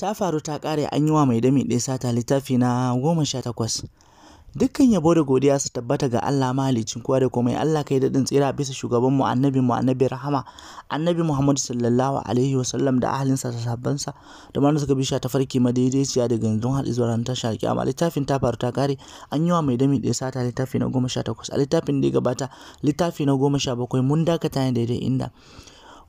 ta faru ta kare an yi wa mai dami ɗaya sata littafi na goma sha takwas dukkan yabo da godiya su tabbata ga Allah mahalicin kowa da komai Allah kai daɗin tsira bisa shugaban mu annabi mu annabi rahama annabi Muhammadu sallallahu alaihi wa sallam da ahalinsa da sabbansa da mana suka bisha ta farki madaidaiciya da ganzon har zuwa ran tashar amma littafin ta faru ta kare an yi wa mai dami ɗaya sata littafi na takwas. a littafin da ya gabata littafi na goma sha bakwai mun dakata ne daidai inda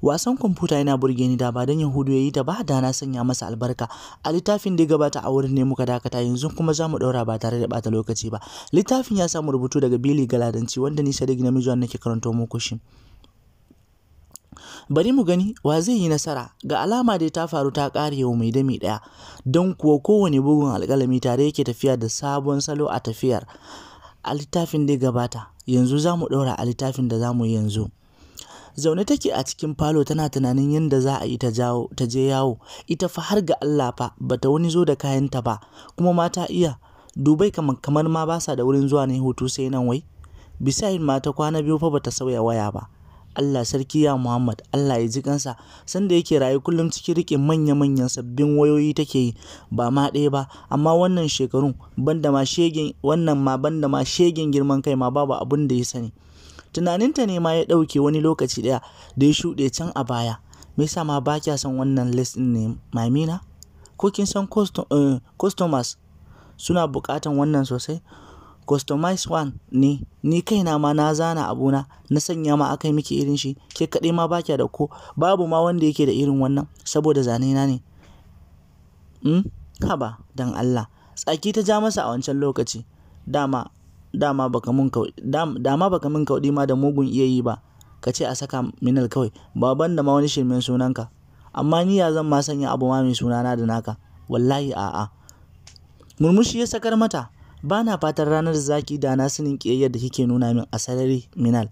wasan kwamfuta yana burge ni da ba don yahudu ya yi ta ba da na sanya masa albarka a littafin da ya gabata a wurin ne muka dakata yanzu kuma za mu ɗaura ba tare da bata lokaci ba littafin ya samu rubutu daga bili galadanci wanda ni sadiq namiji nake karanto muku shi bari mu gani wa zai yi nasara ga alama dai ta faru ta kare yau mai dami daya don kuwa kowane bugun alƙalami tare yake tafiya da sabon salo a tafiyar a littafin da gabata yanzu za mu ɗaura a littafin da za mu yanzu zaune take a cikin falo tana tunanin yadda za a yi ta jawo ta je yawo ita fa har ga Allah fa bata wani zo da kayanta ba kuma mata iya dubai kamar kamar ma ba sa da wurin zuwa ne hutu sai nan wai bisayin ma ta kwana biyu fa bata sauya waya ba Allah sarki ya Muhammad Allah ya ji kansa sanda yake rayu kullum cikin riƙe manya-manyan sabbin wayoyi take yi ba ma ɗaya ba amma wannan shekarun banda ma shegen wannan ma banda ma shegen girman kai ma babu abin da ya sani tunaninta ne ma ya ɗauke wani lokaci ɗaya da ya shuɗe can a baya me yasa ma ba kya son wannan list ɗin ne mamina ko kin san eh, customers suna buƙatan wannan sosai customize one ne ni kaina ma na zana abuna na sanya ma aka yi miki irin shi ke kaɗai ma ba kya da ko babu ma wanda yake da irin wannan saboda zane na ne hmm? haba don Allah tsaki ta ja masa a wancan lokaci dama dama baka min kauɗi ma da mugun iya yi ba ka ce a saka minal kawai baban da ma wani shirmen sunanka amma ni ya zan ma sanya abu ma mai sunana da naka wallahi a'a murmushi ya sakar mata ba na fatan ranar zaki da na sanin kiyayya da kike nuna min a sarari minal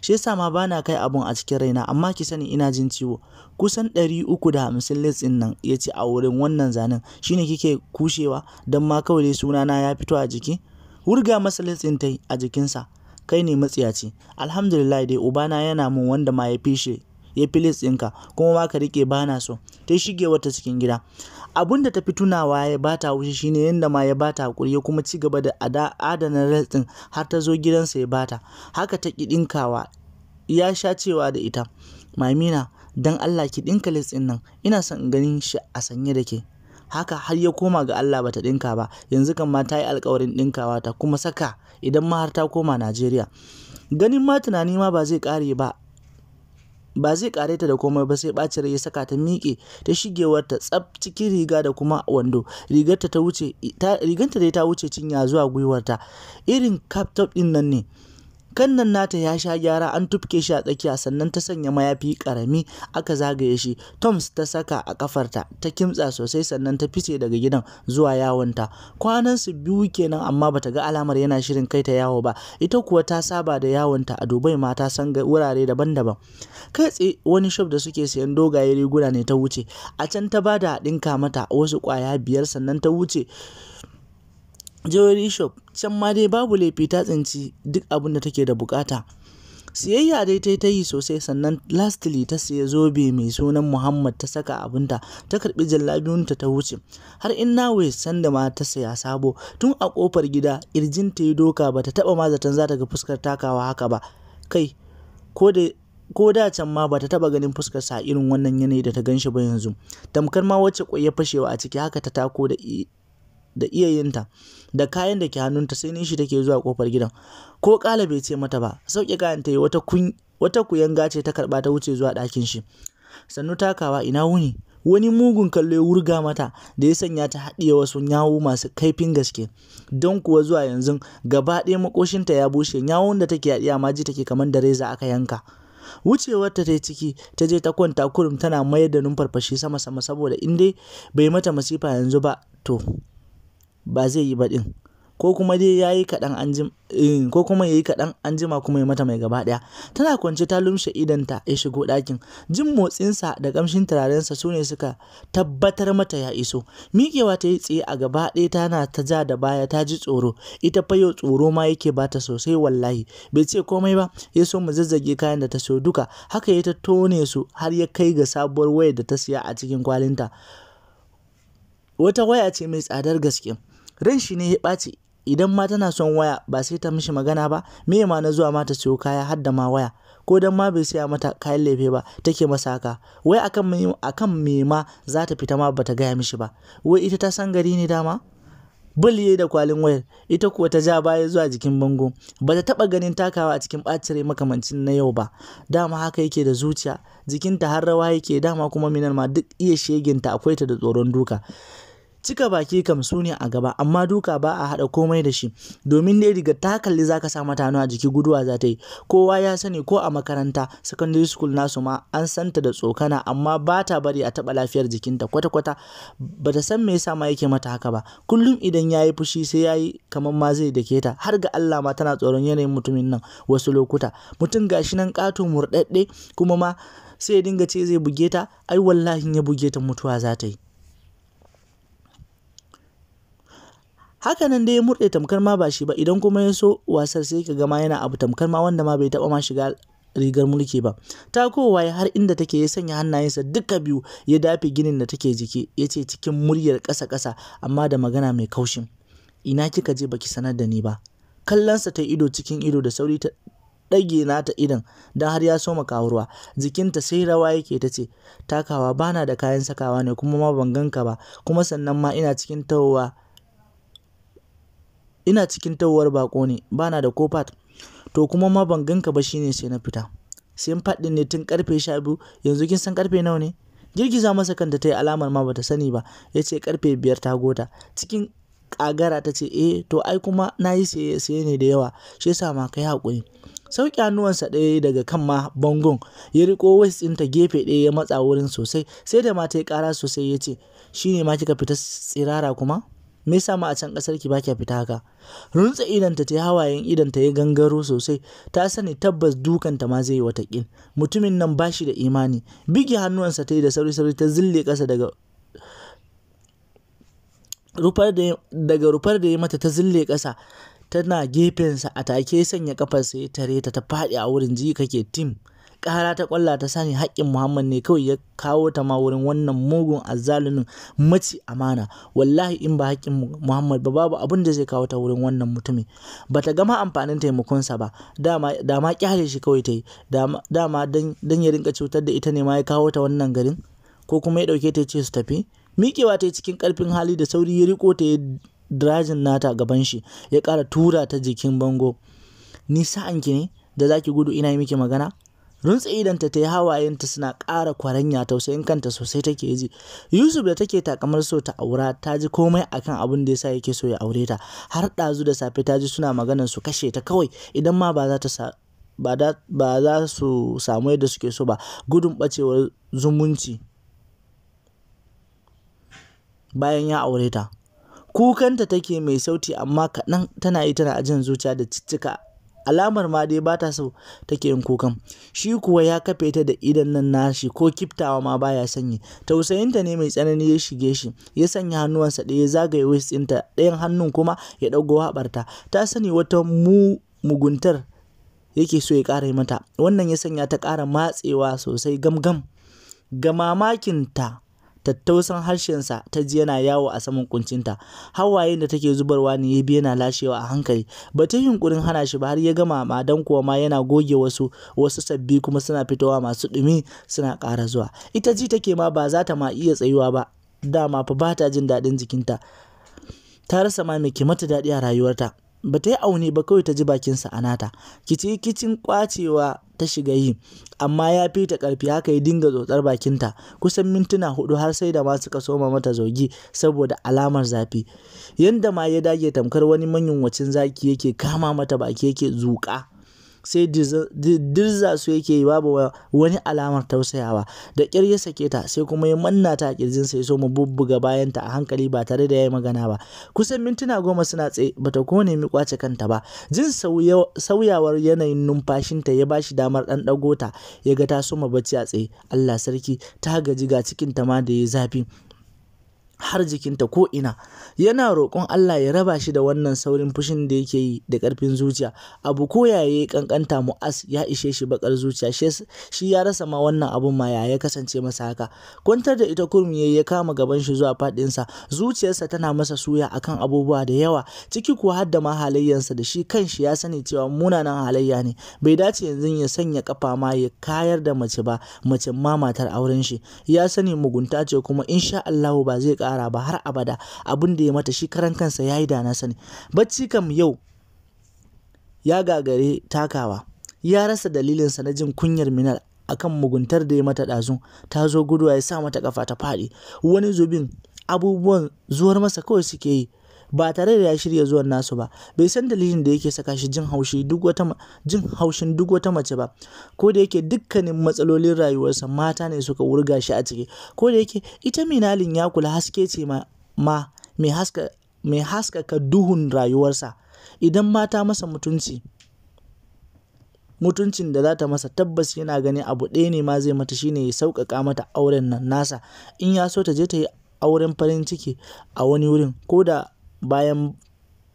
shi yasa ma ba na kai abun a cikin raina amma ki sani ina jin ciwo kusan ɗari uku da hamsin litsin nan ya ce a wurin wannan zanen shine kike kushewa don ma kawai sunana ya fito a jiki Wurga masa litsin a jikinsa, kai ne matsiyaci, alhamdulillah dai ubana yana min wanda ma ya fi ya fi kuma ma ka rike bana so ta shige wata cikin gida abun da tafi tunawa ya bata wuce shine yanda ma ya bata hakuri ya kuma ci gaba da adana res har ta zo gidansa ya bata haka ta ki dinkawa ya sha cewa da ita mamina dan Allah ki ɗinka lis ɗin nan ina son ganin shi a sanye da ke haka har ya koma ga Allah bata dinka ba yanzu kan ma ta yi alkawarin dinkawa ta kuma saka idan ma har ta koma Najeriya ganin ma tunani ma ba zai kare ba ba zai kare ta da komai ba sai ɓacin rai ya saka ta miƙe ta shigewar ta tsaf cikin riga da kuma wando rigarta ta wuce riganta dai ta wuce cinya zuwa gwiwarta irin cap top din nan ne kan nan nata ya sha gyara an tufke shi a tsakiya sannan ta sanya mayafi karami aka zagaye shi toms ta saka a kafarta ta kimtsa sosai sannan ta fice daga gidan zuwa yawonta kwanan su biyu kenan amma bata ga alamar yana shirin kai ta yawo ba ita kuwa ta saba da yawonta a dubai ma ta san wurare daban-daban kai tsaye wani shop da suke sayan dogaye riguna ne ta wuce a can ta bada ɗinka mata wasu kwaya biyar sannan ta wuce Jewelry shop, can ma dai babu laifi ta tsinci duk abin da take da bukata? Siyayya dai tai ta yi sosai sannan lastly ta siya zobe mai sunan Muhammad ta saka abinta ta karbi jallabiyunta ta wuce. Har na wai sanda ma ta siya sabo tun a kofar gida ta yi doka ba ta taba ma zaton za ta ga fuskar takawa haka ba. Kai, ko da can ma ba ta taba ganin fuskar sa irin wannan yanayi da ta ganshi ba yanzu tamkar ma wacce kwai fashewa a ciki haka ta tako da da iyayinta da kayan da ke hannunta sai nishi take zuwa kofar gidan ko kala bai ce mata ba sauke kayan ta yi wata kun wata kuyanga ce ta karba ta wuce zuwa ɗakin shi sannu takawa ina wuni wani mugun kallo ya wurga mata da ya sanya ta haɗiye wasu nyawu masu kaifin gaske don kuwa zuwa yanzu gaba ɗaya makoshinta ya bushe nyawun da take haɗiya ma ji take kamar da reza aka yanka wucewar ta ta ciki ta je ta kwanta kurum tana mayar da numfarfashi sama sama saboda in dai bai mata masifa yanzu ba to ba zai yi ba ɗin ko kuma dai ya yi kaɗan an eh, ko kuma ya yi kaɗan an jima kuma ya mata mai gaba ɗaya tana kwance ta lumshe idanta ya shigo ɗakin jin motsinsa da ƙamshin turarensa su ne suka tabbatar mata ya iso miƙewa ta yi tsaye a gaba ɗaya tana ta ja da baya ta ji tsoro ita fa yau tsoro ma yake ta sosai wallahi bai ce komai ba ya so mu zazzage kayan da ta so duka haka ya ta tone su har ya kai ga sabuwar wayar da ta siya a cikin kwalinta wata waya ce mai tsadar gaske ran shi ne ya ɓaci idan ma tana son waya ba sai ta mishi magana ba me ma na zuwa ma ta siyo kaya har da ma waya ko dan ma bai siya mata kayan lefe ba take masa haka wai akan me akan me ma za ta fita ma bata gaya mishi ba wai ita ta san gari ne dama bulye da kwalin wayar ita kuwa ta ja baya zuwa jikin bango ba ta taba ganin takawa a cikin bacire makamancin na yau ba dama haka yake da zuciya jikinta har rawa yake dama kuma minar ma duk iya sheginta akwai ta da tsoron duka cika baki kam su ne a gaba amma duka ba a haɗa komai da shi domin dai riga ta kalli zaka sa mata hannu a jiki guduwa za ta yi kowa ya sani ko a makaranta secondary school nasu ma an santa da tsokana amma ba ta bari a taɓa lafiyar jikinta kwata-kwata ba ta san me yasa ma yake mata haka ba kullum idan ya yi fushi sai ya yi kamar ma zai dake ta har ga Allah ma tana tsoron yanayin mutumin nan wasu lokuta mutum gashi nan ƙato murɗaɗɗe kuma ma sai ya dinga ce zai buge ta ai wallahi ya buge ta mutuwa za ta yi haka nan dai ya murɗe tamkar ma ba shi ba idan kuma ya so wasar sai ka gama yana abu tamkar ma wanda ma bai taɓa ma shiga rigar mulki ba ta ya har inda take ya sanya hannayensa duka biyu ya dafe ginin da take jiki ya ce cikin muryar ƙasa-ƙasa amma da magana mai kaushin ina kika je baki sanar da ni ba kallonsa ta ido cikin ido da sauri ta ɗage nata idan don har ya soma kawurwa jikinta sai rawa yake ta ce takawa bana da kayan sakawa ne kuma ma ban ganka ba kuma sannan ma ina cikin tawowa ina cikin tawar bako ne Ba na da kofat to kuma ma ban ganka ba shine sai na fita sai faɗin ne tun karfe sha biyu yanzu kin san karfe nawa ne girgiza masa kanta ta yi alamar ma bata sani ba ya ce karfe biyar ta gota cikin ƙagara ta ce eh to ai kuma na yi saye ne da yawa shi yasa ma kai haƙuri sauƙi hannuwansa ɗaya daga kan ma bangon ya riko waist ɗinta gefe ɗaya ya matsa wurin sosai sai da ma ta yi ƙara sosai ya ce shi ne ma kika fita tsirara kuma me yasa ma a can kasar ki baki fita haka runtsa idanta ta hawayen idanta ya gangaro sosai ta sani tabbas dukanta ma zai yi watakin mutumin nan bashi da imani bige hannuwansa ta yi da sauri sauri ta zille kasa daga rufar da daga rufar da ya mata ta zille kasa tana gefensa a take sanya kafarsa ya tare ta ta faɗi a wurin ji kake tim ƙara ta kwalla ta sani haƙƙin Muhammad ne kawai ya kawo ta ma wurin wannan mugun azzalumin mace amana wallahi in ba haƙƙin Muhammad ba babu abin da zai kawo ta wurin wannan mutumin ta gama amfanin taimakonsa ba dama dama kyale shi kawai ta yi dama dan ya rinka cutar da ita ne ma ya kawo ta wannan garin ko kuma ya ɗauke ta ya ce su tafi miƙewa ta cikin ƙarfin hali da sauri ya riko ta ya drajin nata gaban shi ya ƙara tura ta jikin bango ni sa'anki ne da zaki gudu ina yi miki magana Runtse idanta ta yi hawayenta suna ƙara kwaranya tausayin kanta sosai take ji yusuf da take takamar so ta aura ta ji komai akan abun da yasa yake so ya aure ta har ɗazu da safe ta ji suna maganar su kashe ta kawai idan ma ba za ta ba za su samu yadda suke so ba gudun ɓacewar zumunci bayan ya aure ta kukanta take mai sauti amma kaɗan tana yi tana ajin zuciya da ciccika alamar ma dai ba ta so take yin kukan shi kuwa ya kafe ta da idan nan nashi ko kiftawa ma baya sanyi tausayinta ne mai tsanani ya shige shi ya sanya hannuwansa ɗaya ya zagaye waist ɗinta ɗayan hannun kuma ya ɗago haɓarta ta sani wata mu muguntar yake so ya ƙara mata wannan ya sanya ta ƙara matsewa sosai gamgam ga mamakinta tattausan harshensa ta ji yana yawo a saman kuncinta hawayen da take zubarwa ne ya bi yana lashewa a hankali ba ta yunkurin hana shi ba har ya gama ma dan kuwa ma yana goge wasu wasu sabbi kuma suna fitowa masu dumi suna ƙara zuwa ita ji take ma ba za ta ma iya tsayuwa ba dama fa ba ta jin daɗin jikinta ta rasa ma mai ke mata daɗi a rayuwarta ba ta yi aune ba kawai ta ji bakinsa a nata kici kicin kwacewa ta shiga yi amma ya fi ta karfi haka ya dinga tsotsar bakinta kusan mintuna hudu har sai da ma suka soma mata zogi saboda alamar zafi yanda ma ya dage tamkar wani manyunwacin zaki yake kama mata baki yake zuƙa sai dirza su yake yi babu wani alamar tausayawa da ƙyar ya sake ta sai kuma ya manna ta a sai ya so mu bubbuga bayanta a hankali ba tare da ya magana ba kusan mintuna goma suna tsaye bata ko nemi kwace kanta ba jin sauyawar yanayin numfashinta ya bashi damar ɗan ɗago ya ga ta soma bacci a tsaye Allah sarki ta gaji ga cikin ta ma da ya zafi har jikinta ko ina yana roƙon Allah ya raba shi da wannan saurin fushin da yake yi da ƙarfin zuciya abu ko yaye kankanta mu'as ya ishe shi bakar zuciya shi ya rasa ma wannan abun ma ya kasance masa haka kwantar da ita kurmi ya kama gaban shi zuwa faɗinsa zuciyarsa tana masa suya akan abubuwa da yawa ciki ko har da ma halayyarsa da shi kanshi ya sani cewa munanan halayya ne bai dace yanzu ya sanya kafa ma ya kayar da mace ba mace ma matar auren shi ya sani mugunta ce kuma insha Allah ba zai ƙara kara ba har abada abin da ya mata shi karan kansa ya yi da na sani bacci kam yau ya gagare takawa ya rasa dalilinsa na jin kunyar minar akan muguntar da ya mata ɗazu ta zo guduwa ya sa mata kafa ta faɗi wani zubin abubuwan zuwar masa kawai suke yi ba tare da ya shirya zuwan nasu ba bai san dalilin da yake saka shi jin haushi duk wata jin haushin duk wata mace ba ko da yake dukkanin matsalolin rayuwarsa mata ne suka wurga shi a ciki ko da yake ita minalin ya kula haske ce ma, ma mai haska mai haskaka duhun rayuwarsa idan mata masa mutunci mutuncin da za ta masa tabbas yana gani abu ɗaya ne ma zai mata shine ya sauƙaƙa mata auren nan nasa in ya so ta je ta yi auren farin ciki a wani wurin ko da bayan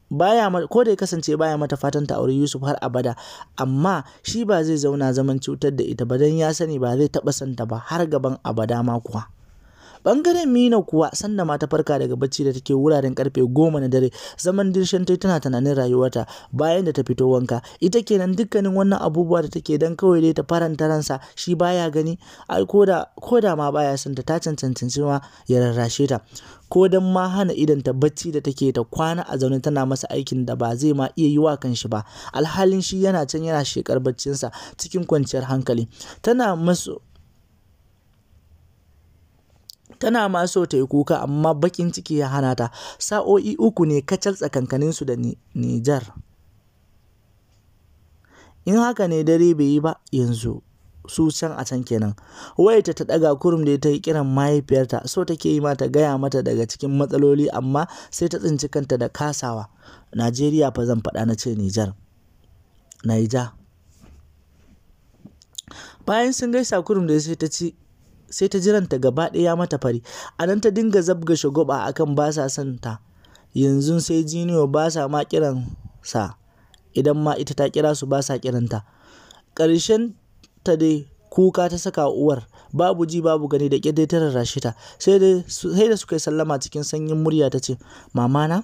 baya ko da ya kasance baya mata fatan ta auri Yusuf har abada amma shi ba zai zauna zaman cutar da ita ba dan ya sani ba zai taɓa santa ba har gaban abada ma kuwa Bangaren Mina kuwa sannan ma ta farka daga bacci da take wuraren karfe goma na dare zaman dirshan ta tana tunanin rayuwarta bayan da ta fito wanka ita kenan dukkanin wannan abubuwa da take dan kawai dai ta faranta ransa shi baya gani ai koda koda ma baya son ta ta cancanci ma ya rarrashe ta ko dan ma hana idan ta bacci da take ta kwana a zaune tana masa aikin da ba zai ma iya yi wa kanshi ba alhalin shi yana can yana shekar baccinsa cikin kwanciyar hankali tana masu tana ma so ta yi kuka amma bakin ciki ya hana ta sa'o'i uku ne kacal tsakankaninsu da nijar in haka ne dare bai yi ba yanzu su can a can kenan wayarta ta daga kurum da ta yi kiran mahaifiyarta so take yi mata gaya mata daga cikin matsaloli amma sai ta tsinci kanta da kasawa najeriya fa zan faɗa na ce nijar naija bayan sun gaisa kurum da sai ta ci sai ta jiranta gaba ɗaya mata fari a nan ta dinga zabga shagoba akan ba sa son ta yanzu sai jiniyo ba sa ma sa idan ma ita ta kira su ba sa kiranta ƙarshen ta dai kuka ta saka uwar babu ji babu gani da ƙyar ta rarrashe ta sai da suka yi sallama cikin sanyin murya ta ce mamana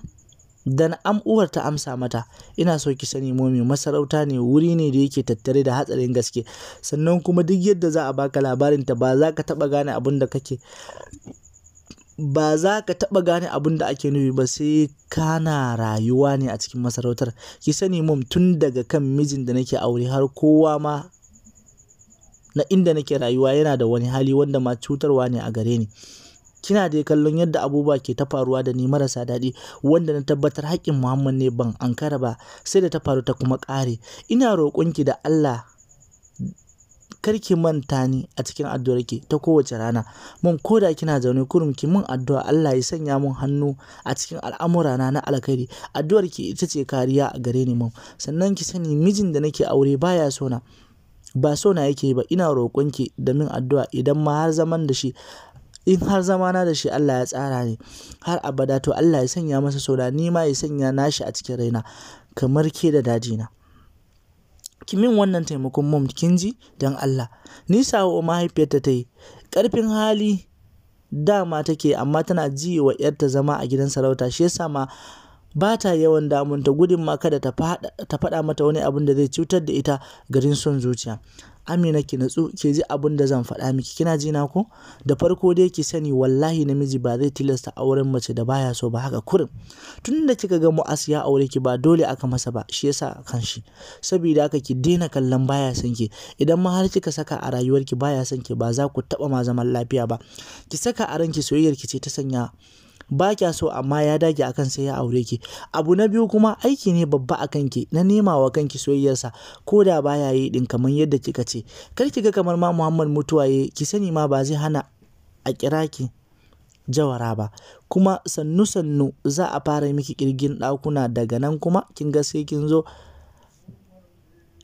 Dan am uwar ta amsa mata, ina so ki sani momi masarauta ne wuri ne da yake tattare da hatsarin gaske, sannan kuma duk yadda za a baka ta ba za ka taba gane abin da kake ba za ka taɓa gane abun da ake nufi ba sai kana rayuwa ne a cikin masarautar ki sani tun daga kan mijin da nake aure har kowa ma na inda nake rayuwa yana da wani hali wanda ma cutarwa ne a gare ni kina da kallon yadda abubuwa ke ta faruwa da ni marasa daɗi wanda na tabbatar haƙƙin Muhammad ne ban ankara ba sai da ta faru ta kuma ƙare ina roƙonki da Allah karki manta ni a cikin addu'arki ta kowace rana mun koda kina zaune kurum ki mun addu'a Allah ya sanya mun hannu a cikin al'amura na alkhairi addu'arki ita ce kariya a gare ni mun sannan ki sani mijin da nake aure baya sona ba sona yake ba ina roƙonki da min addu'a idan ma har zaman da shi in har zama na da shi Allah ya tsara ne har abada to Allah ya sanya masa sona ni ma ya sanya nashi a cikin raina kamar ke da dajina ki min wannan taimakon mom kin ji don Allah ni sawo mahaifiyarta ta yi ƙarfin hali dama take amma tana ji wa yarta zama a gidan sarauta shi yasa ma ba ta yawan damunta gudun ma kada ta faɗa mata wani abin da zai cutar da ita garin son zuciya Amina ki natsu Ke ji abin da zan faɗa miki kina ji na ko da farko dai ki sani wallahi namiji ba zai tilasta auren mace da baya so ba haka kurin tun da kika ga mu'as ya aure ki ba dole aka masa ba shi yasa kan shi saboda haka ki daina kallon baya son ki idan ma har kika saka a rayuwar ki baya son ki ba za ku taba ma zaman lafiya ba ki saka a ranki soyayyar ki ce ta sanya ba kya so amma ya dage akan sai ya aure ki abu na biyu kuma aiki ne babba a kanki na nema wa kanki soyayyarsa ko da baya yi din kamar yadda kika ce kar ki ga kamar ma Muhammad mutuwa ki sani ma ba zai hana a kira ki jawara ba kuma sannu sannu za a fara miki kirgin ɗakuna daga nan kuma kin ga sai kin zo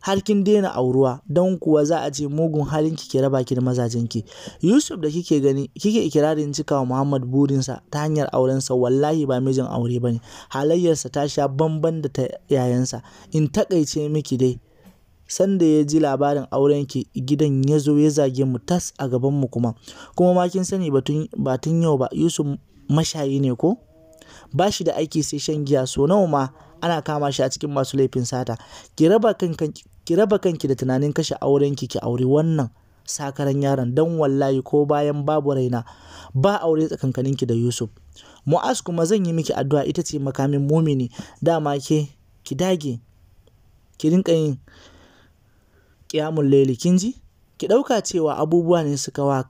har kin daina auruwa don kuwa za a ce mugun halin ki ke raba ki da mazajen ki Yusuf da kike gani kike ikirarin wa Muhammad burinsa ta hanyar aurensa wallahi ba mijin aure bane halayyarsa ta sha bamban da ta yayansa in takaice miki dai sanda ya ji labarin auren ki gidan ya zo ya zage mu tas a gaban mu kuma kuma ma kin sani batun yau ba Yusuf mashayi ne ko ba shi da aiki sai shan giya so nawa ma ana kama shi a cikin masu laifin sata ki raba kanki ki raba kanki da tunanin kashe aurenki ki auri wannan sakaran yaron don wallahi ko bayan babu raina ba aure tsakankaninki da Yusuf Mu'az kuma zan yi miki addu'a ita ce makamin mumini dama ke ki dage ki rinka yin kiyamun laili kin ji ki ɗauka cewa abubuwa ne suka wa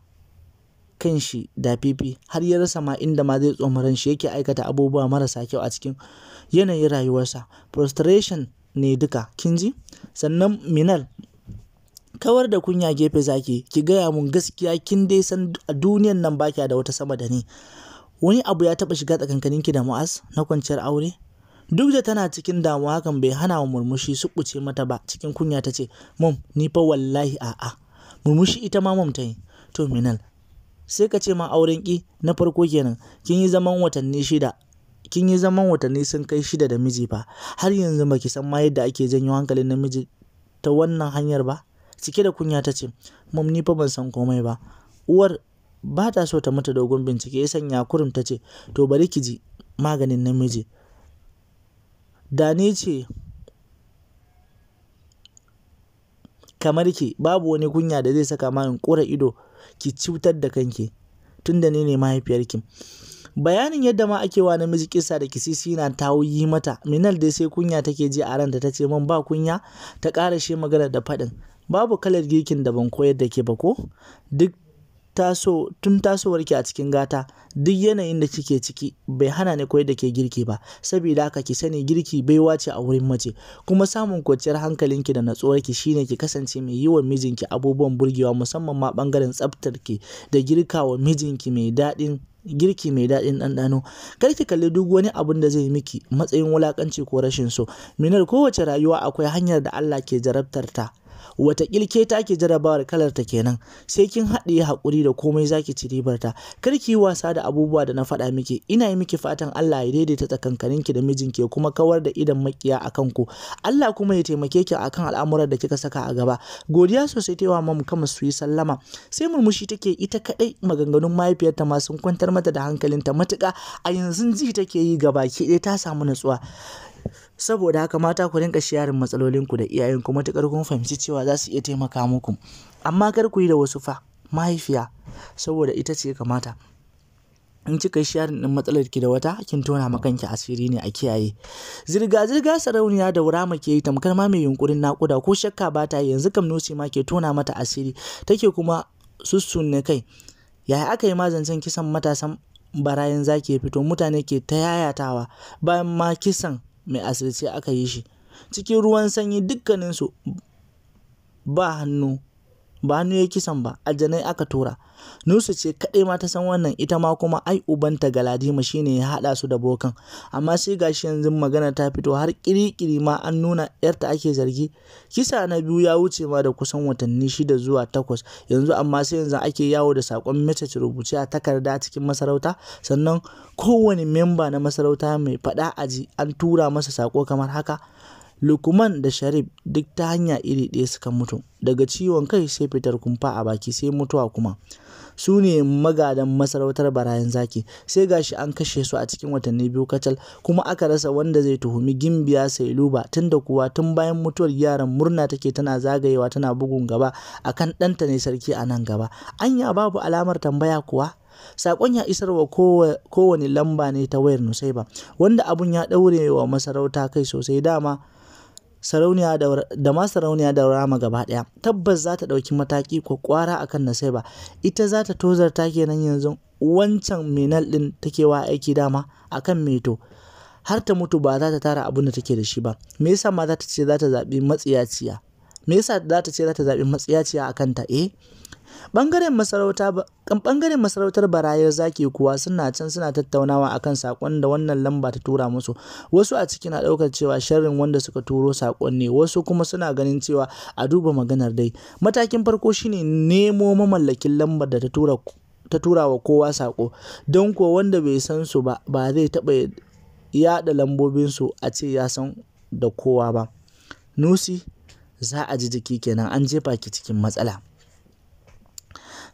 kan shi da fifi har ya rasa ma inda ma zai tsomaran shi yake aikata abubuwa marasa kyau a cikin yanayin rayuwarsa frustration ne duka kin ji sannan minal kawar da kunya gefe zaki ki gaya mun gaskiya kin dai san a duniyan nan baki da wata sama da ni wani abu ya taɓa shiga tsakankanin ki da mu'az na kwanciyar aure duk da tana cikin damuwa hakan bai hana wa murmushi su kuce mata ba cikin kunya ta ce mom ni fa wallahi a'a murmushi ita ma mom ta yi to minal sai ka ce ma auren ki na farko kenan kin yi zaman watanni shida kin yi zaman watanni sun kai shida da miji ba har yanzu baki san ma yadda ake janyo hankalin namiji ta wannan hanyar ba cike da kunya ta ce mum ni fa ban san komai ba uwar ba ta so ta mata dogon bincike ya sanya kurum ta ce to bari ki ji maganin namiji da ni ce kamar ki babu wani kunya da zai saka ma in kora ido ki cutar da kanki tunda ni ne mahaifiyarki bayanin yadda ma ake wa namiji kisa da kisisi na ta yi mata minal dai sai kunya take ji a ranta ta ce man ba kunya ta ƙara shi magana da faɗin babu kalar girkin da ban koyar da ke ba ko duk taso tun tasowarki a cikin gata duk yanayin da kike ciki bai hana ni koyar da ke girki ba saboda haka ki sani girki bai wace a wurin mace kuma samun kwanciyar hankalinki da natsuwarki shine ki kasance mai yi wa mijinki abubuwan burgewa musamman ma bangaren tsaftarki da girka wa mijinki mai daɗin girki mai daɗin ɗanɗano kar ki kalli duk wani abun da zai miki matsayin wulakanci ko rashin so minar kowace rayuwa akwai hanyar da Allah ke jarabtar ta watakil ke take jarabawar kalar ta kenan sai kin haɗiye haƙuri da komai zaki ci ribar ta kar ki yi wasa da abubuwa da na faɗa miki ina yi miki fatan Allah ya daidaita tsakankanin ki da mijinki kuma kawar da idan makiya akan ku Allah kuma ya taimake ki akan al'amuran da kika saka a gaba godiya sosai ta mamu kama su yi sallama sai murmushi take ita kadai maganganun mahaifiyarta ma sun kwantar mata da hankalinta matuƙa a yanzu ji take yi gaba ki ɗaya ta samu natsuwa saboda haka mata ku rinka sharing matsalolinku da iyayen ku matukar kun fahimci cewa za su iya taimaka muku amma kar ku yi da wasu fa mahaifiya saboda ita ce kamata in kika yi sharin din matsalar ki da wata kin tona ma kanki asiri ne a kiyaye zirga zirga sarauniya da wurama ke yi tamkar ma mai yunkurin nakuda ko shakka ba ta yanzu kam nosi ma ke tona mata asiri take kuma sussunne kai yaya aka yi mazancen kisan matasan barayin zaki ya fito mutane ke ta yayatawa bayan ma kisan mai asirce aka yi shi, cikin ruwan sanyi dukkaninsu, ba hannu ba hannu ya kisan ba aljanai aka tura nusu ce kaɗai ma ta san wannan ita ma kuma ai ubanta galadima shine ya haɗa su da bokan amma sai gashi yanzu magana ta fito har kirikiri ma an nuna yarta ake zargi kisa na biyu ya wuce ma da kusan watanni shida zuwa takwas yanzu amma sai yanzu ake yawo da saƙon message rubuce a takarda cikin masarauta sannan kowane memba na masarauta mai faɗa aji an tura masa saƙo kamar haka Lukman da Sharif duk ta hanya iri ɗaya suka mutu, daga ciwon kai sai fitar kumfa a baki sai mutuwa kuma. Su ne magadan masarautar Barayin Zaki, sai gashi an kashe su a cikin watanni biyu kacal, kuma aka rasa wanda zai tuhumi Gimbiya sai Sailuba tunda kuwa tun bayan mutuwar yaran murna take tana zagayewa tana bugun gaba akan ɗanta ne sarki a nan gaba. Anya babu alamar tambaya kuwa? Saƙon ya isar wa kowane lamba ne ta wayar Nusaiba, wanda abun ya ɗaure wa masarauta kai sosai dama. sarauniya da ma sarauniya da rama gaba ɗaya tabbas za ta ɗauki mataki kwara akan nasaiba ita za ta tozarta kenan yanzu wancan menal ɗin take wa aiki dama akan meto har ta mutu ba za ta tara abin da take da shi ba me yasa ma za ta ce za ta zaɓi matsiyaciya me yasa za ta ce za ta zabi matsiyaciya a kanta eh Ɓangaren masarauta masarautar barayar zaki kuwa suna can suna tattaunawa akan sakon da wannan lamba ta tura musu. Wasu a ciki na ɗaukar cewa sharrin wanda suka turo sakon ne, wasu kuma suna ganin cewa a duba maganar dai. Matakin farko shine nemo mamallakin lambar da ta tura wa kowa sako don kuwa wanda bai san su ba ba zai taɓa yaɗa lambobinsu a ce ya san da kowa ba. Nusi za a ji jiki kenan an jefa ki cikin matsala.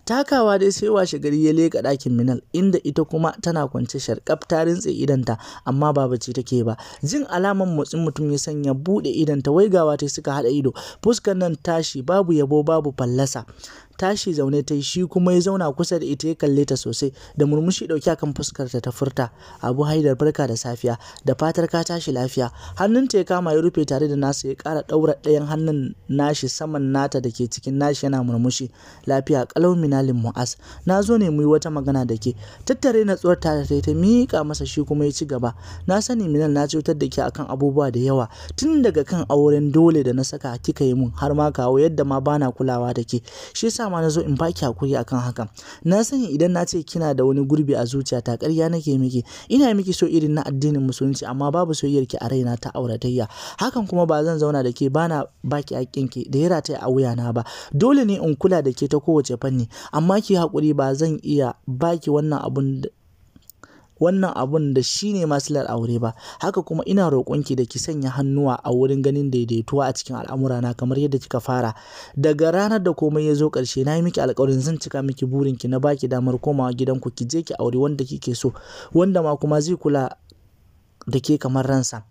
Takawa dai sai gari ya leka ɗakin Minal inda ita kuma tana kwance sharkaf ta rintse idanta amma ba bacci take ba. Jin alaman motsin mutum ya sanya buɗe wai gawa ta suka hada ido. Fuskar nan tashi babu yabo babu fallasa. tashi zaune ta yi shi kuma ya zauna kusa da ita ya kalle ta sosai da murmushi ɗauki akan fuskar ta ta furta abu haidar barka da safiya da fatar ka tashi lafiya Hannun ta ya kama ya rufe tare da nasa ya kara ɗaura ɗayan hannun nashi saman nata da ke cikin nashi yana murmushi lafiya ƙalau minalin mu'as na zo ne mu yi wata magana da ke tattare na tsuwar ta ta miƙa masa shi kuma ya ci gaba na sani minal na cutar da ke akan abubuwa da yawa tun daga kan auren dole da na saka kika yi mun har ma kawo yadda ma bana kulawa da ke shi yasa dama na zo in baki hakuri akan hakan na sani idan na ce kina da wani gurbi a zuciya ta ƙarya nake miki ina miki so irin na addinin musulunci amma babu soyayyar ki a raina ta auratayya hakan kuma ba zan zauna da ke bana baki hakkin ki da ya rataya a wuya na ba dole ne in kula da ke ta kowace fanni amma ki hakuri ba zan iya baki wannan abun wannan abun da shi ne masilar aure ba haka kuma ina roƙonki da ki sanya hannuwa a wurin ganin daidaituwa a cikin al'amurana kamar yadda kika fara daga ranar da komai ya zo ƙarshe na yi miki alƙawarin zan cika miki burinki na baki damar komawa gidanku ki je ki aure wanda kike so wanda ma kuma zai kula da ke kamar ransa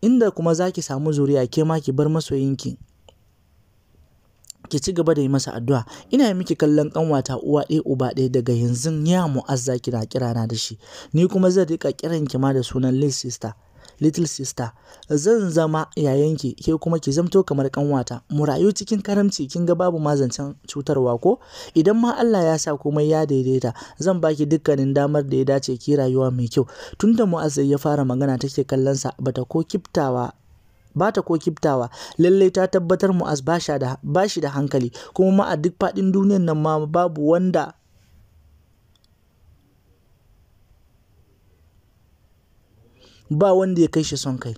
inda, kuma za ki samu zuriya ke ma ki bar masoyinki ki ci gaba da yi masa addu'a ina miki kallon kanwata uwa ɗaya uba ɗaya daga yanzu ya mu'azza kina kira na da shi ni kuma zan rika kiran ki ma da sunan little sister little sister zan zama yayanki ke kuma ki zamto kamar kanwata mu rayu cikin karamci kin ga babu ma cutarwa ko idan ma Allah ya sa komai ya daidaita zan baki dukkanin damar da ya dace ki rayuwa mai kyau tunda mu'azza ya fara magana take kallon sa bata ko kiftawa ba ta ko kiftawa lallai ta tabbatar as ba shi da hankali kuma ma a duk faɗin duniyan nan ma babu wanda ba wanda ya kai shi son kai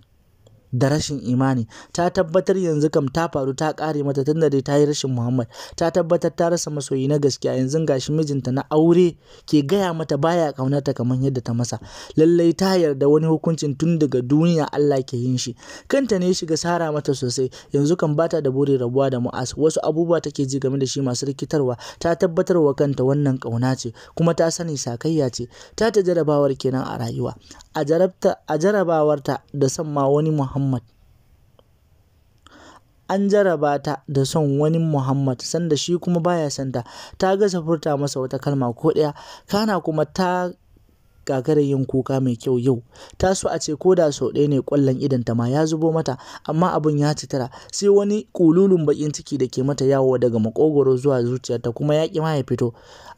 da rashin imani ta tabbatar yanzu kam ta faru ta kare mata tunda dai ta yi rashin muhammad ta tabbatar ta rasa masoyi na gaskiya yanzu gashi mijinta na aure ke gaya mata baya kaunarta kamar yadda ta masa lallai ta yarda wani hukuncin tun daga duniya allah ke yin shi kanta ne shiga sara mata sosai yanzu kan bata da burin rabuwa da mu'as wasu abubuwa take ji game da shi masu rikitarwa ta tabbatar wa kanta wannan kauna ce kuma ta sani sakayya ce ta ta jarabawar kenan a rayuwa a jarabta a jarabawarta da san ma wani muhammad Muhammad. An jaraba ta da son wani Muhammad sanda shi kuma baya ya son ta, ta furta masa wata kalma ko ɗaya, kana kuma ta gagara yin kuka mai kyau yau ta so a ce ko da sau ɗaya ne ƙwallon ta ma ya zubo mata amma abin ya citara sai wani ƙululun baƙin ciki da ke mata yawo daga makogoro zuwa zuciyarta kuma ya ƙima ma ya fito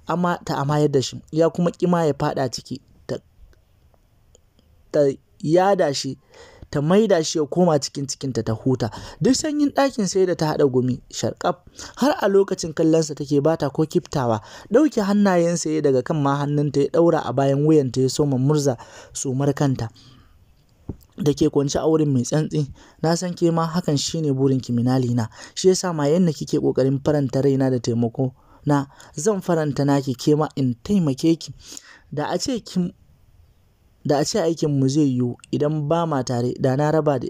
amma ta amayar da shi ya kuma ƙima ya faɗa ciki ta yada shi ta maida shi ya koma cikin cikinta ta huta duk sanyin ɗakin sai da ta haɗa gumi sharkaf har a lokacin kallonsa take bata ko kiftawa ɗauke hannayen ya daga kan ma hannunta ya ɗaura a bayan wuyanta ya soma murza sumar kanta da ke kwance a wurin mai tsantsi na san ke ma hakan shine burin kiminali na shi yasa ma yadda kike kokarin faranta raina da taimako na zan faranta naki ke ma in taimake ki da a ce kin Da a ce aikinmu zai yiwu idan ba ma tare, da na raba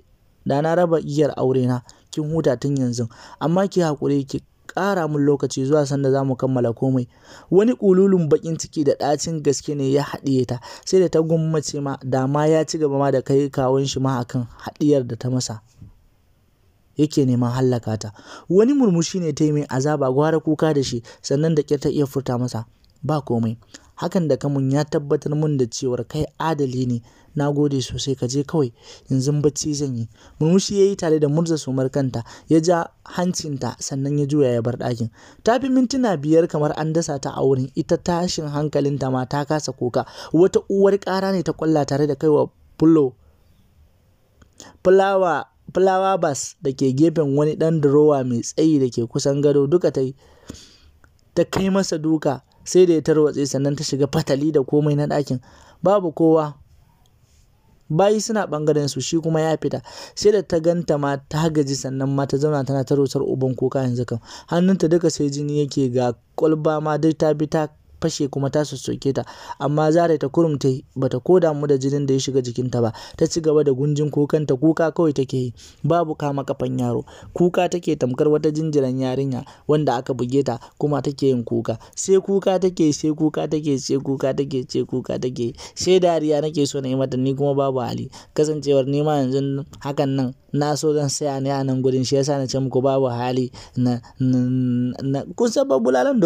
aure na, kin huta tun yanzu, amma ki haƙuri ki ƙara mun lokaci zuwa sanda za mu kammala komai. Wani ƙululun baƙin ciki da ɗacin gaske ne ya haɗiye ta, sai da ta gummace ma da ma ya ci gaba ma da kai kawun shi ma akan haɗiyar da ta masa, yake neman hallaka ta. Wani murmushi ne ta yi mai azaba gwara kuka da shi, sannan da ƙyar ta iya furta masa. ba komai hakan da kamun ya tabbatar mun da cewar kai adali ne na gode sosai ka je kawai yanzu bacci zan yi murmushi ya yi tare da murza sumar kanta ya ja hancinta sannan ya juya ya bar ɗakin ta fi mintuna biyar kamar an dasa ta a wurin ita tashin hankalinta ma ta kasa kuka wata uwar ƙara ne ta kwalla tare da kaiwa fulo fulawa bas da ke gefen wani ɗan durowa mai tsayi da ke kusan gado duka ta kai masa duka sai da ya tarwatse sannan ta shiga fatali da komai na ɗakin babu kowa bayi suna ɓangaren su shi kuma ya fita sai da ta ganta ma ta gaji sannan ma ta zauna tana tarwatsar uban kuka yanzu kan hannunta duka sai jini yake ga kwalba ma duk ta bi ta fashe kuma ta sassoke ta amma zara ta kurumta bata ko damu da jinin da ya shiga jikinta ba ta ci gaba da gunjin kukanta kuka kawai take yi babu kama kafan yaro kuka take tamkar wata jinjiran yarinya wanda aka buge ta kuma take yin kuka sai kuka take sai kuka take sai kuka take sai kuka take sai dariya nake so na yi mata ni kuma babu hali kasancewar nima yanzu hakan nan na so zan saya ne a nan gurin shi yasa na ce muku babu hali na kun san babu lalan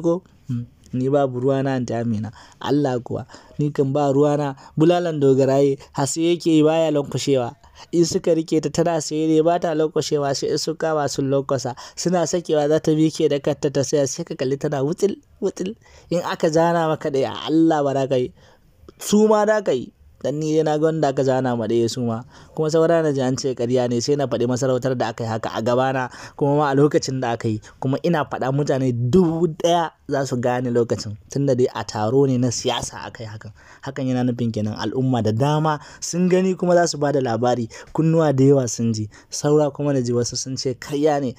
ko hmm. ni babu ruwana an ta na. Allah kuwa ni kan ba ruwana. Bulalan dogaraye hasu yake yi baya lankushewa In suka rike ta tana sai ne ba ta lankushewa sai in suka ba sun lankusa Suna sakewa za ta miƙe da katta ta saya. sai ka kalli tana wutil wutil In aka zana maka a Allah ba za ka yi. Suma za ka yi. dan ni na ga wanda aka zana ma ɗaya su ma kuma saura na ji an ce ƙarya ne sai na faɗi masarautar da aka yi haka a gabana kuma ma a lokacin da aka yi kuma ina faɗa mutane dubu ɗaya za su gane lokacin tunda dai a taro ne na siyasa aka yi hakan hakan yana nufin kenan al'umma da dama sun gani kuma za su ba da labari kunnuwa da yawa sun ji saura kuma na ji wasu sun ce karya ne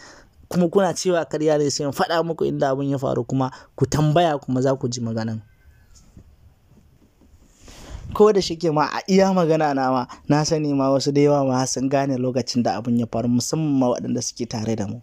kuma kuna cewa karya ne sai in faɗa muku inda abin ya faru kuma ku tambaya kuma za ku ji maganan ko da shike ma a iya magana na ma na sani ma wasu da yawa ma sun gane lokacin da abin ya faru musamman ma waɗanda suke tare da mu